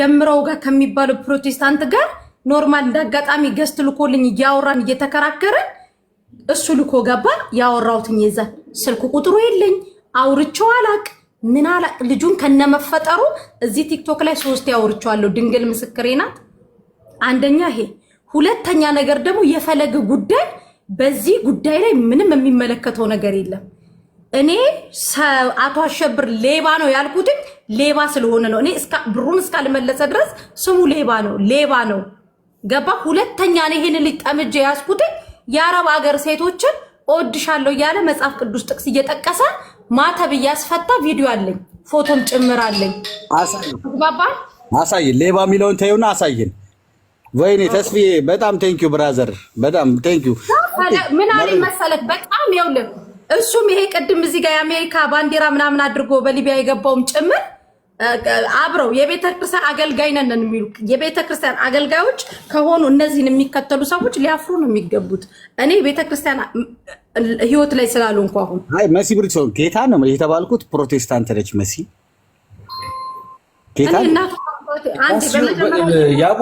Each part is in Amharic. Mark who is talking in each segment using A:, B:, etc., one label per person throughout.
A: ደምረው ጋር ከሚባለው ፕሮቴስታንት ጋር ኖርማል እንዳጋጣሚ ገስት ልኮልኝ እያወራን እየተከራከረን እሱ ልኮ ገባ። ያወራሁትኝ የዛን ስልክ ቁጥሩ የለኝ አውርቼው አላቅ ምን አላቅ ልጁን ከነመፈጠሩ እዚህ ቲክቶክ ላይ ሶስት ያወርቸዋለሁ። ድንግል ምስክሬ ናት። አንደኛ ይሄ፣ ሁለተኛ ነገር ደግሞ የፈለገ ጉዳይ በዚህ ጉዳይ ላይ ምንም የሚመለከተው ነገር የለም። እኔ አቶ አሸብር ሌባ ነው ያልኩትኝ ሌባ ስለሆነ ነው። እኔ ብሩን እስካልመለሰ ድረስ ስሙ ሌባ ነው፣ ሌባ ነው። ገባ። ሁለተኛ ነው ይሄን ልጅ ጠምጄ ያዝኩትኝ የአረብ ሀገር ሴቶችን እወድሻለሁ እያለ መጽሐፍ ቅዱስ ጥቅስ እየጠቀሰ ማተብ እያስፈታ ቪዲዮ አለኝ፣ ፎቶም ጭምር አለኝ።
B: አሳይን ሌባ የሚለውን ተይውና አሳይን። ወይኔ ተስፋዬ በጣም ቴንኪዩ ብራዘር፣ በጣም ቴንኪዩ።
A: ምን አለኝ መሰለህ በጣም የውልህ እሱም ይሄ ቅድም እዚህ ጋር የአሜሪካ ባንዲራ ምናምን አድርጎ በሊቢያ የገባውም ጭምር አብረው ክርስቲያን አገልጋይ ነን የሚሉ ክርስቲያን አገልጋዮች ከሆኑ እነዚህን የሚከተሉ ሰዎች ሊያፍሩ ነው የሚገቡት። እኔ ቤተ ክርስቲያን ህይወት ላይ ስላሉ እንኳ አሁን
B: መሲ ብርጭ ጌታ ነው የተባልኩት ፕሮቴስታንት ነች መሲ ጌታ ያቡ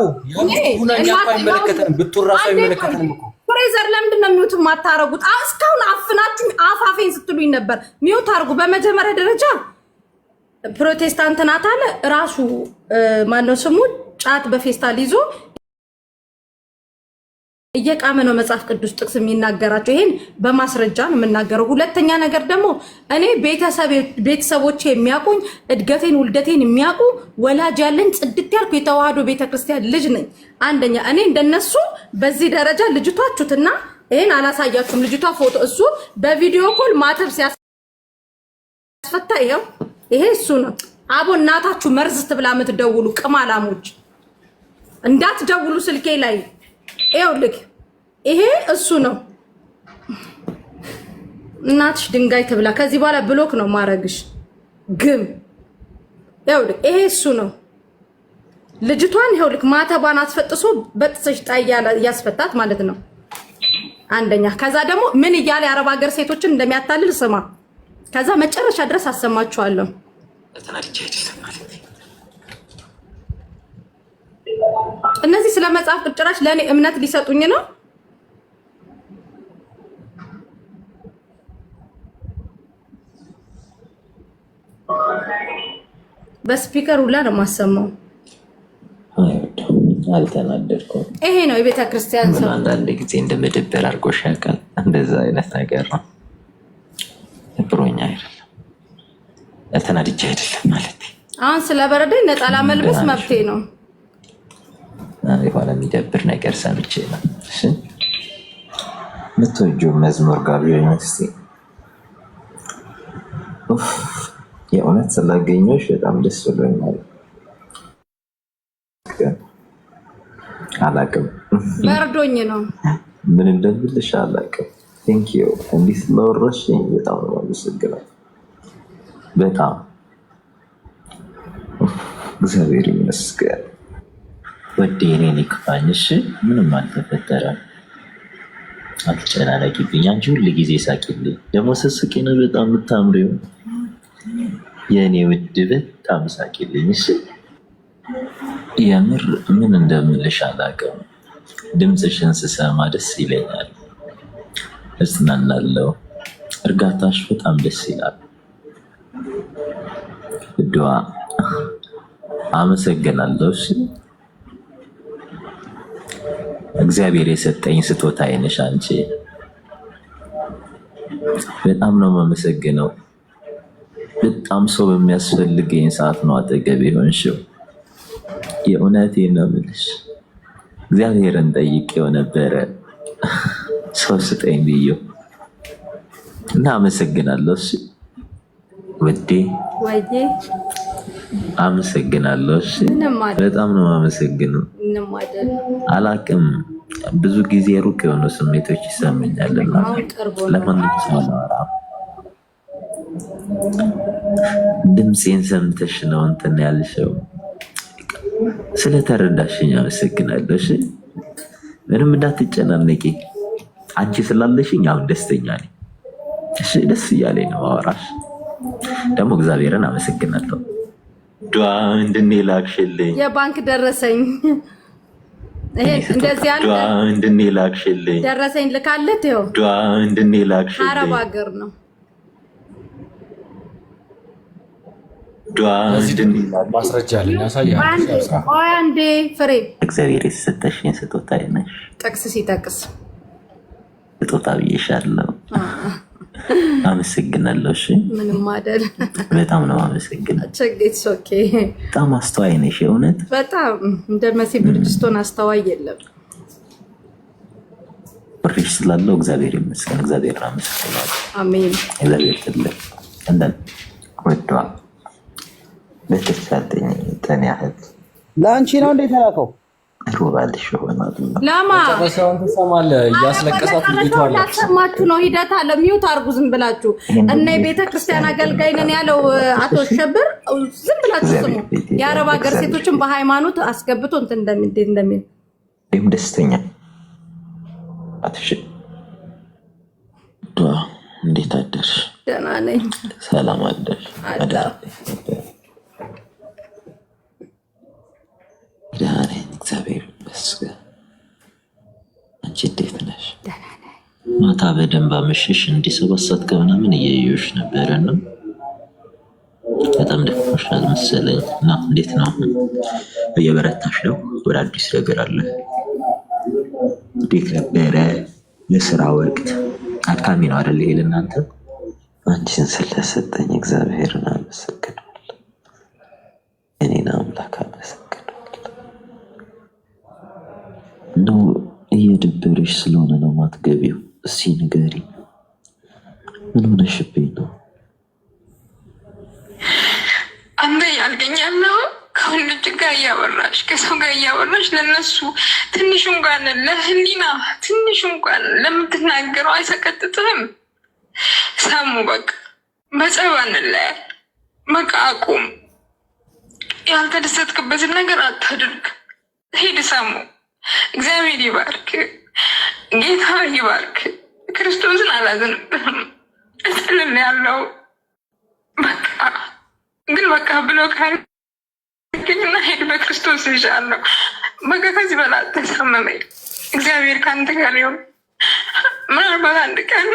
A: ፍሬዘር ለምንድን ነው ሚውት የማታረጉት? እስካሁን አፍናችሁ አፋፌን ስትሉኝ ነበር። ሚውት አድርጉ በመጀመሪያ ደረጃ ፕሮቴስታንት ናት አለ ራሱ ማነው ስሙ ጫት በፌስታል ይዞ እየቃመ ነው መጽሐፍ ቅዱስ ጥቅስ የሚናገራቸው። ይሄን በማስረጃ ነው የምናገረው። ሁለተኛ ነገር ደግሞ እኔ ቤተሰቦቼ የሚያውቁኝ እድገቴን፣ ውልደቴን የሚያውቁ ወላጅ ያለኝ ጽድት ያልኩ የተዋህዶ ቤተክርስቲያን ልጅ ነኝ። አንደኛ እኔ እንደነሱ በዚህ ደረጃ ልጅቷችሁትና ይህን አላሳያችሁም። ልጅቷ ፎቶ እሱ በቪዲዮ ኮል ማተብ ሲያስፈታ ይኸው ይሄ እሱ ነው። አቦ እናታችሁ መርዝ ትብላ የምትደውሉ ቅማላሞች እንዳትደውሉ ስልኬ ላይ ይኸውልህ፣ ይሄ እሱ ነው። እናትሽ ድንጋይ ትብላ። ከዚህ በኋላ ብሎክ ነው ማረግሽ። ግም ይኸውልህ፣ ይሄ እሱ ነው። ልጅቷን ይኸውልህ፣ ማተቧን አስፈጥሶ በጥሰሽ ጣያ እያስፈታት ማለት ነው። አንደኛ ከዛ ደግሞ ምን እያለ የአረብ ሀገር ሴቶችን እንደሚያታልል ስማ። ከዛ መጨረሻ ድረስ አሰማችኋለሁ። እነዚህ ስለ መጽሐፍ ጭራሽ ለእኔ እምነት ሊሰጡኝ ነው። በስፒከር ሁላ ነው የማሰማው።
B: አልተናደድኩም።
A: ይሄ ነው የቤተክርስቲያን
B: ሰው። አንዳንድ ጊዜ እንደ መደበር አድርጎ እንደዛ አይነት ነገር ነው። ብሮኛ አይደለም ተናድጄ አይደለም ማለት
A: አሁን ስለበረደኝ ነጠላ መልበስ መብቴ ነው።
B: የሆነ የሚደብር ነገር ሰምቼ ነው። የምትወጂው መዝሙር ጋር ዩኒቨርሲቲ የእውነት በጣም ደስ ብሎኛል። አላቅም
A: በርዶኝ ነው
B: ምን እንደምልሽ አላቅም ዩ እንዲህ ስለወረሽኝ በጣም ነው የማመሰግነው። በጣም እግዚአብሔር ይመስገን። ወደ እኔን ይክፋኝሽ፣ ምንም አልተፈጠረም። አትጨናነቂብኝ። አንቺ ሁል ጊዜ ሳቂልኝ። ደግሞ ስስቂ ነው በጣም የምታምሪው የእኔ ውድ፣ በጣም ሳቂልኝ። እሺ የምር ምን እንደምልሽ አላውቅም። ድምፅሽን ስሰማ ደስ ይለኛል። እዝናናለው። እርጋታሽ በጣም ደስ ይላል። እድዋ አመሰግናለሁ። እግዚአብሔር የሰጠኝ ስጦታ አይነሽ አንቺ። በጣም ነው የማመሰግነው። በጣም ሰው በሚያስፈልገኝ ሰዓት ነው አጠገብ ሆንሽው። የእውነቴን ነው የምልሽ። እግዚአብሔርን ጠይቄው ነበረ። ሰው ስጠኝ ብዬው እና አመሰግናለሁ። እሺ ወዴ አመሰግናለሁ። እሺ በጣም ነው አመሰግነው። አላቅም ብዙ ጊዜ ሩቅ የሆነ ስሜቶች ይሰማኛል እና ለማንም ድምፄን ሰምተሽ ነው እንትን ያልሽው። ስለተረዳሽኝ አመሰግናለሁ። እሺ ምንም እንዳትጨናነቂ አንቺ ስላለሽኝ አሁን ደስተኛ ነኝ። እሺ ደስ እያለኝ ነው አወራሽ። ደግሞ እግዚአብሔርን አመሰግናለሁ። ዱዓ እንድኔ ላክሽልኝ
A: የባንክ ደረሰኝ
B: እንድኔ ላክሽልኝ
A: ደረሰኝ ልካለት ው
B: ዱዓ እንድኔ ላክሽልኝ
A: አረብ ሀገር ነው
B: ማስረጃ አለኝ
A: አንዴ ፍሬ
B: እግዚአብሔር የተሰጠሽ ስጦታ ነሽ።
A: ጠቅስ ሲጠቅስ
B: እጦጣ ብዬሻለሁ። አመሰግናለሁ። እሺ
A: ምንም አይደል።
B: በጣም ነው አመሰግናለሁ። በጣም አስተዋይ ነሽ። እውነት
A: በጣም እንደ መሲ ብርጅስቶን አስተዋይ የለም።
B: ብርሽ ስላለው እግዚአብሔር ይመስገን። እግዚአብሔር አመሰግናለሁ። አሜን። እግዚአብሔር ትልቅ እንደ ወዷ በተሻለኝ ያህል ለአንቺ ነው እንዴት ተላከው ሮባልሽ ሆናት
A: ነው። ሂደት አለ። ሚውት አርጉ ዝም ብላችሁ እና የቤተ ክርስቲያን አገልጋይ ነን ያለው አቶ ሸብር ዝም ብላችሁ ስሙ። የአረብ ሀገር ሴቶችን በሃይማኖት አስገብቶ እንትን እንደሚል
B: ይህም ደስተኛ እንዴት አደርሽ? ደህና ነኝ። ሰላም አደር ደህና ነኝ። እግዚአብሔር ይመስገን። አንቺ እንዴት ነሽ? ማታ በደንብ አመሸሽ። እንዲሰባሳት ምን እያየሁሽ ነበረ ነው በጣም ደክሞሻል መሰለኝ እና እንዴት ነው? እየበረታሽ ነው? ወደ አዲስ ነገር አለ? እንዴት ነበረ የስራ ወቅት? አድካሚ ነው አይደል? ይሄ ለእናንተ አንቺን ስለሰጠኝ እግዚአብሔርን አመሰግናለሁ። ነው እየደበረሽ ስለሆነ ነው ማትገቢው? እስኪ ንገሪ፣ ምን ሆነሽብኝ ነው?
A: አንተ ያልገኛል ነው ከሁልጅ ጋር እያወራሽ ከሰው ጋር እያወራሽ ለነሱ ትንሽ እንኳን ለህሊና ትንሽ እንኳን ለምትናገረው አይሰቀጥጥህም? ሰሙ በቃ በጸብ አንለያል። በቃ አቁም። ያልተደሰትክበትን ነገር አታድርግ። ሂድ ሰሙ እግዚአብሔር ይባርክ፣ ጌታ ይባርክ። ክርስቶስን አላዘንብም ስልም ያለው በቃ ግን በቃ ብሎ ካልገኝና ሄድ በክርስቶስ ይሻለው። በቃ ከዚህ በላ ተሳመመኝ። እግዚአብሔር ከአንተ ጋር ይሁን። ምናልባት አንድ ቀን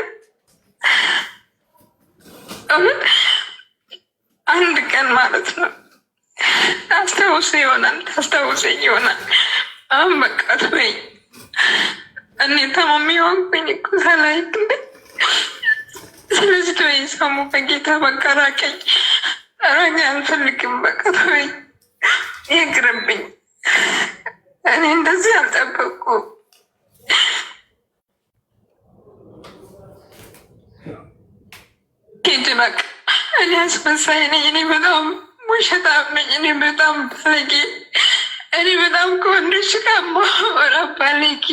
A: አንድ ቀን ማለት ነው አስታውሰ ይሆናል ታስታውሰኝ ይሆናል አሁን በቃ ተወኝ። እኔ ታማሚ ሆንኩኝ እኮ ሳላይክ እንደ ስለዚህ ተወኝ። ሳሙ በጌታ በቃ ራቀኝ፣ ራቀ አልፈልግም። በቃ ተወኝ፣ ይቅርብኝ። እኔ እንደዚህ አልጠበቁ ሂድ በቃ እኔ አስመሳይ ነኝ። እኔ በጣም ውሸታም ነኝ። እኔ በጣም ፈለጌ እኔ በጣም ከወንዶች ከማወራባለኪ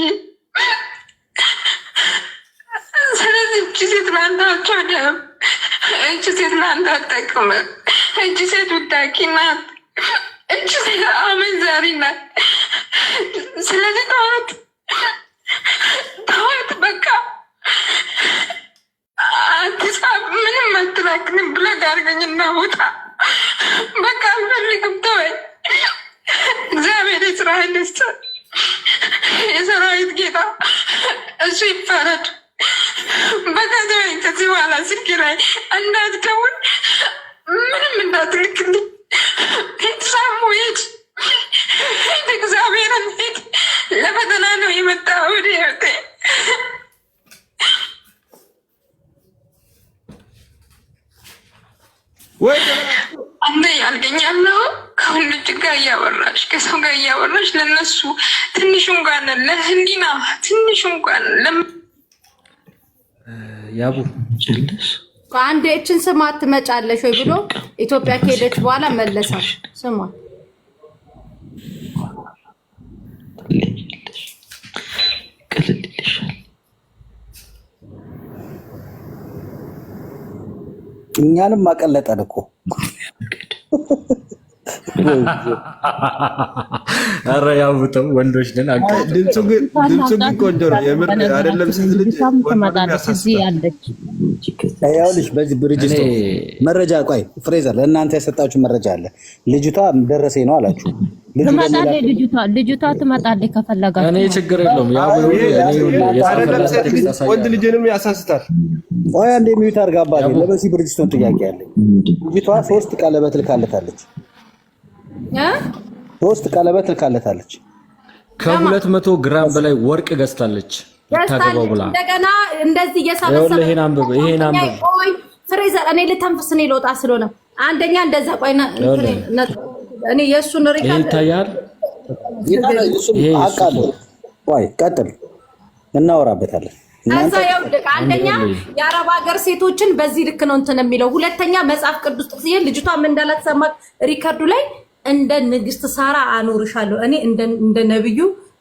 A: ስለዚህ እጅ ሴት ለአንተ አትሆንም። እቺ ሴት ለአንተ አትጠቅምም። እቺ ሴት ውዳቂ ናት። እቺ ሴት አመንዛሪ ናት። ስለዚህ ተዋት፣ ተዋት በቃ አትጻፍ፣ ምንም አትላክንም ብለህ ዳርገኝና ቦታ መንግስት የሰራዊት ጌታ እሱ ይፈረድ። በከዚህ ከዚህ በኋላ ስልክ ላይ እንዳትደውል፣ ምንም እንዳትልክልኝ። ሳሙ ሂድ፣ እግዚአብሔርን ሂድ። ለፈተና ነው የመጣ ወደ ህይወቴ አንተ ያልገኛለሁ አሁን ልጅ ጋር እያወራሽ ከሰው ጋር እያወራሽ ለነሱ ትንሽ እንኳን ለህሊና ትንሽ እንኳን ያቡ አንድ እችን ስማ ትመጫለሽ ወይ ብሎ ኢትዮጵያ ከሄደች በኋላ መለሳል። ስማ
B: እኛንም አቀለጠን እኮ ኧረ ያው ብተው ወንዶች ነን። ድምፁ ግን ቆንጆ ነው የምር አይደለም። ልጅ ይኸውልሽ በዚህ ብርጅስቶ መረጃ ቆይ ፍሬዘር ለእናንተ የሰጣችሁ መረጃ አለ። ልጅቷ ደረሰኝ ነው አላችሁ።
A: ልጅቷ ልጅቷ ትመጣለች ከፈለጋችሁ
B: እኔ ችግር የለውም። ወንድ ልጅንም ያሳስታል። ቆይ አንዴ ሚዩት አድርጋ ለበሲ ለበዚህ ብርጅስቶን ጥያቄ አለኝ። ልጅቷ ሶስት ቀለበት ልካለታለች። ሶስት ቀለበት ልካለታለች። ከሁለት መቶ ግራም በላይ ወርቅ ገዝታለች። ታገባው ብላ
A: እንደገና እንደዚህ እየሰበሰበ
B: ይሄን አንብብ፣ ይሄን አንብብ።
A: ፍሬዘር እኔ ልተንፍስ፣ እኔ ልወጣ ስለሆነ አንደኛ እንደዛ ቆይና እኔ የእሱን
B: ሪካርድ ይታያል። ወይ ቀጥል፣ እናወራበታለን።
A: ከዛ ይኸውልህ አንደኛ የአረብ ሀገር ሴቶችን በዚህ ልክ ነው እንትን የሚለው፣ ሁለተኛ መጽሐፍ ቅዱስ ጥቅስ ይሄ ልጅቷ ምን እንዳላት ሰማህ ሪከርዱ ላይ እንደ ንግስት ሳራ አኖርሻለሁ እኔ እንደ ነብዩ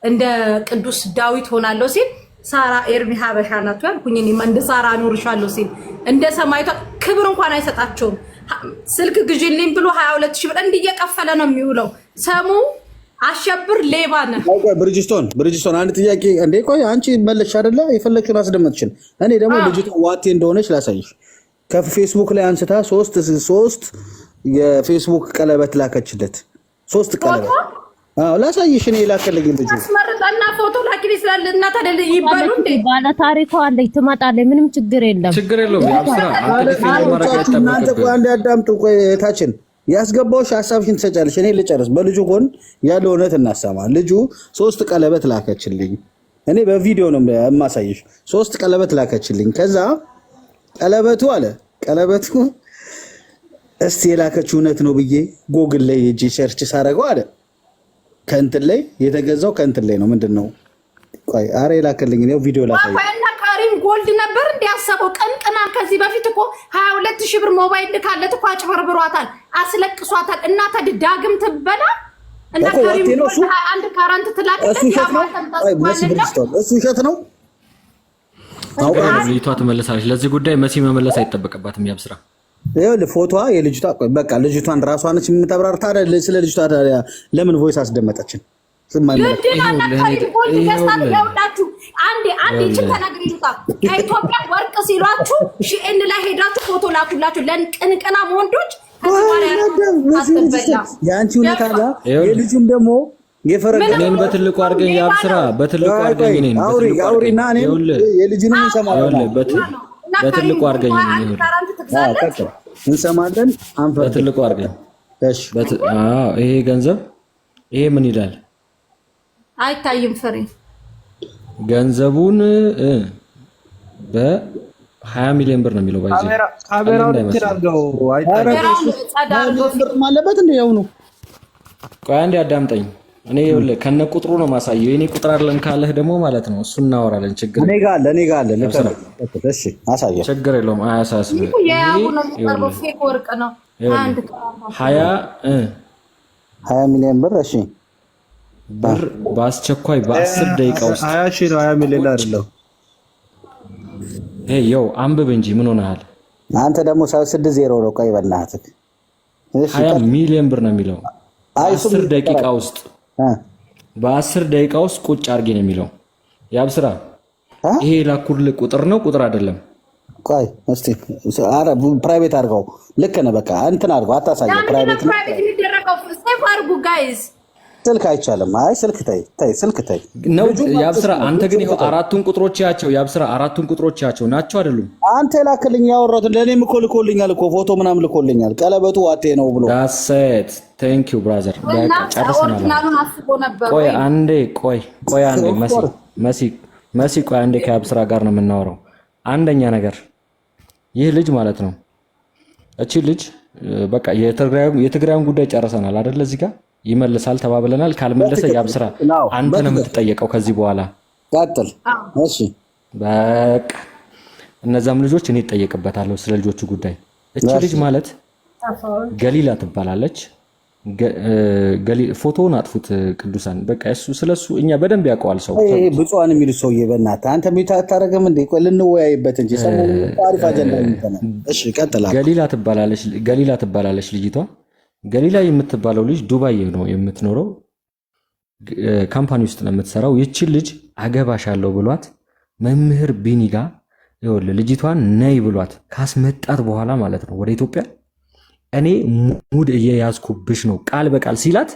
A: እንደ ቅዱስ ዳዊት ሆናለሁ ሲል ሳራ ኤርሚ ሀበሻ ናት ያልኩኝ እኔማ እንደ ሳራ አኖርሻለሁ ሲል እንደ ሰማይቷ ክብር እንኳን አይሰጣቸውም። ስልክ ግዢልኝ ብሎ ሀያ ሁለት ሺህ ብር እንዲየቀፈለ ነው የሚውለው። ሰሙ አሸብር ሌባ ነህ።
B: ብርጅስቶን ብርጅስቶን አንድ ጥያቄ እንዴ ቆይ አንቺ መለሽ አደለ? የፈለግሽውን አስደመጥሽን። እኔ ደግሞ ልጅቷ ዋቴ እንደሆነች ላሳይሽ። ከፌስቡክ ላይ አንስታ ሶስት ሶስት የፌስቡክ ቀለበት ላከችለት። ሶስት ቀለበት አዎ ላሳይሽ፣ እኔ ላከልኝ ልጅ
A: አስመርጣና ፎቶ ላኪ ስላለ እናት አደለ ይባሉ እንዴ? ባለ ታሪኳ አለኝ፣ ትመጣለች። ምንም ችግር የለም፣
B: ችግር የለውም። እናንተ ቆይ አንድ አዳምጡ። ቆይ እህታችን ያስገባውሽ ሀሳብሽን ትሰጫለሽ። እኔ ልጨርስ። በልጁ ጎን ያለ እውነት እናሰማ። ልጁ ሶስት ቀለበት ላከችልኝ። እኔ በቪዲዮ ነው የማሳይሽ። ሶስት ቀለበት ላከችልኝ። ከዛ ቀለበቱ አለ ቀለበቱ እስቲ የላከችው እውነት ነው ብዬ ጎግል ላይ ሄጄ ሰርች ሳረገው አለ ከእንትን ላይ የተገዛው ከእንትን ላይ ነው። ምንድን ነው አረ የላከልኝ ነው ቪዲዮ
A: ላሳየውና ካሪም ጎልድ ነበር እንዲያሰበው ያሰበው ቀንቅና ከዚህ በፊት እኮ ሀያ ሁለት ሺህ ብር ሞባይል ልካለት እኮ አጭበርብሯታል፣ አስለቅሷታል። እና ተድዳግም ትበላ እና ካሪም አንድ ካራንት ትላእሱ
B: ውሸት ነው። ይቷ ትመለሳለች። ለዚህ ጉዳይ መሲ መመለስ አይጠበቅባትም ያብስራ ፎቶዋ የልጅቷ በቃ ልጅቷን ራሷ ነች የምታብራር። ታዲያ ስለ ልጅቷ ታዲያ ለምን ቮይስ አስደመጠችን?
A: ከኢትዮጵያ ወርቅ ሲሏችሁ ሺኤን ላይ ሄዳችሁ ፎቶ ላኩላችሁ ለቅንቅናም ወንዶች።
B: የአንቺ ሁኔታ የልጁም ደግሞ እኔን በትልቁ አድርገኝ፣ ያብስራ በትልቁ አድርገኝ። እኔን አውሪ አውሪና እኔ የልጁንም ይሰማል በትልቁ አድርገኝ እንሰማለን። በትልቁ አድርገኝ። ይሄ ገንዘብ ይሄ ምን ይላል?
A: አይታይም ፍሬ
B: ገንዘቡን በ ሀያ ሚሊዮን ብር ነው የሚለው። ባይዜ ማለበት እንደ ያው ነው። ቆይ አንዴ አዳምጠኝ። እኔ ከነ ቁጥሩ ነው ማሳየው። የኔ ቁጥር አለን ካለህ ደግሞ ማለት ነው እሱ እናወራለን። ችግር እኔ ጋር አለ እኔ ጋር አለ። እሺ አሳየው፣ ችግር የለውም አያሳስብ። ሀያ ሀያ ሚሊዮን ብር እሺ፣ ብር በአስቸኳይ በአስር ደቂቃ ውስጥ ሀያ ሺህ ነው። ሀያ ሚሊዮን አይደለም። ይኸው አንብብ እንጂ ምን ሆነሃል አንተ? ደግሞ ሰው ስድስት ዜሮ ነው። ቆይ በእናትህ ሀያ ሚሊዮን ብር ነው የሚለው አስር ደቂቃ ውስጥ በአስር ደቂቃ ውስጥ ቁጭ አድርጊ ነው የሚለው። ስራ ይሄ ላኩል ቁጥር ነው ቁጥር አይደለም። ቆይ እስኪ ፕራይቬት አድርገው ልክ ነህ። በቃ እንትን አድርገው አታሳየው።
A: ፕራይቬት የሚደረገው ሴፍ አድርጉ ጋይዝ
B: ስልክ አይቻልም። አይ ስልክ ታይ ታይ ስልክ ታይ ነው። ያብስራ አንተ ግን ይኸው አራቱን ቁጥሮች ያቸው ያብስራ አራቱን ቁጥሮች ያቸው ናቸው አይደሉም? አንተ ላክልኝ ያወራሁትን ለእኔም እኮ ልኮልኛል እኮ ፎቶ ምናምን ልኮልኛል። ቀለበቱ ዋቴ ነው ብሎ ዳሰት ቴንክ ዩ ብራዘር። ቆይ አንዴ ቆይ ቆይ አንዴ መሲ መሲ መሲ ቆይ አንዴ ከያብስራ ጋር ነው የምናወራው። አንደኛ ነገር ይህ ልጅ ማለት ነው እቺ ልጅ በቃ የትግራዩን ጉዳይ ጨርሰናል አይደለ እዚህ ጋር ይመልሳል ተባብለናል። ካልመለሰ ያብስራ፣ አንተ ነው የምትጠየቀው ከዚህ በኋላ ቀጥል። እሺ በቃ እነዛም ልጆች እኔ እጠየቅበታለሁ ስለ ልጆቹ ጉዳይ። እቺ ልጅ ማለት ገሊላ ትባላለች። ፎቶውን አጥፉት ቅዱሳን። በቃ እሱ ስለሱ እኛ በደንብ ያውቀዋል ሰው ብፁዓን የሚሉ ሰውዬ በእናትህ አንተ ታረገም እንደ ልንወያይበት እንጂ ገሊላ ትባላለች ልጅቷ ገሊላ የምትባለው ልጅ ዱባይ ነው የምትኖረው፣ ካምፓኒ ውስጥ ነው የምትሰራው። ይችን ልጅ አገባሻለሁ ብሏት መምህር ቢኒ ጋ ልጅቷን ነይ ብሏት ካስመጣት በኋላ ማለት ነው ወደ ኢትዮጵያ እኔ ሙድ እየያዝኩብሽ ነው ቃል በቃል ሲላት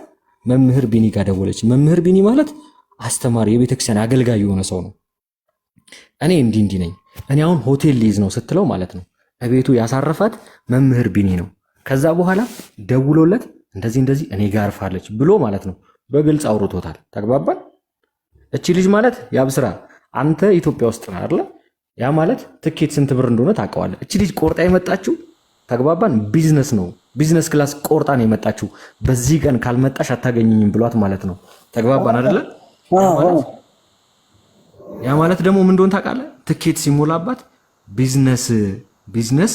B: መምህር ቢኒ ጋ ደወለች። መምህር ቢኒ ማለት አስተማሪ፣ የቤተክርስቲያን አገልጋይ የሆነ ሰው ነው። እኔ እንዲህ እንዲህ ነኝ እኔ አሁን ሆቴል ሊይዝ ነው ስትለው ማለት ነው እቤቱ ያሳረፋት መምህር ቢኒ ነው። ከዛ በኋላ ደውሎለት እንደዚህ እንደዚህ እኔ ጋር አርፋለች ብሎ ማለት ነው። በግልጽ አውርቶታል። ተግባባን። እቺ ልጅ ማለት ያብስራ አንተ ኢትዮጵያ ውስጥ ነህ አይደለ? ያ ማለት ትኬት ስንት ብር እንደሆነ ታውቀዋለህ። እቺ ልጅ ቆርጣ የመጣችው ተግባባን፣ ቢዝነስ ነው። ቢዝነስ ክላስ ቆርጣ ነው የመጣችው። በዚህ ቀን ካልመጣሽ አታገኝኝም ብሏት ማለት ነው። ተግባባን አይደለ? ያ ማለት ደግሞ ምን እንደሆነ ታውቃለህ። ትኬት ሲሞላባት ቢዝነስ ቢዝነስ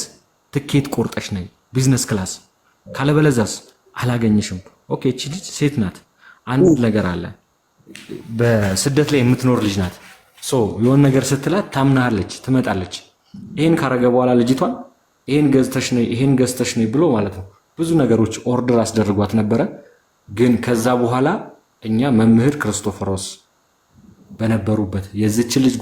B: ትኬት ቆርጠሽ ነኝ ቢዝነስ ክላስ ካለበለዛስ አላገኘሽም። ኦኬ እቺ ልጅ ሴት ናት። አንድ ነገር አለ። በስደት ላይ የምትኖር ልጅ ናት። ሶ የሆን ነገር ስትላት ታምናለች ትመጣለች። ይሄን ካረገ በኋላ ልጅቷን ይሄን ገዝተሽ ነይ፣ ይሄን ገዝተሽ ነይ ብሎ ማለት ነው ብዙ ነገሮች ኦርደር አስደርጓት ነበረ። ግን ከዛ በኋላ እኛ መምህር ክርስቶፈሮስ በነበሩበት የዚችን ልጅ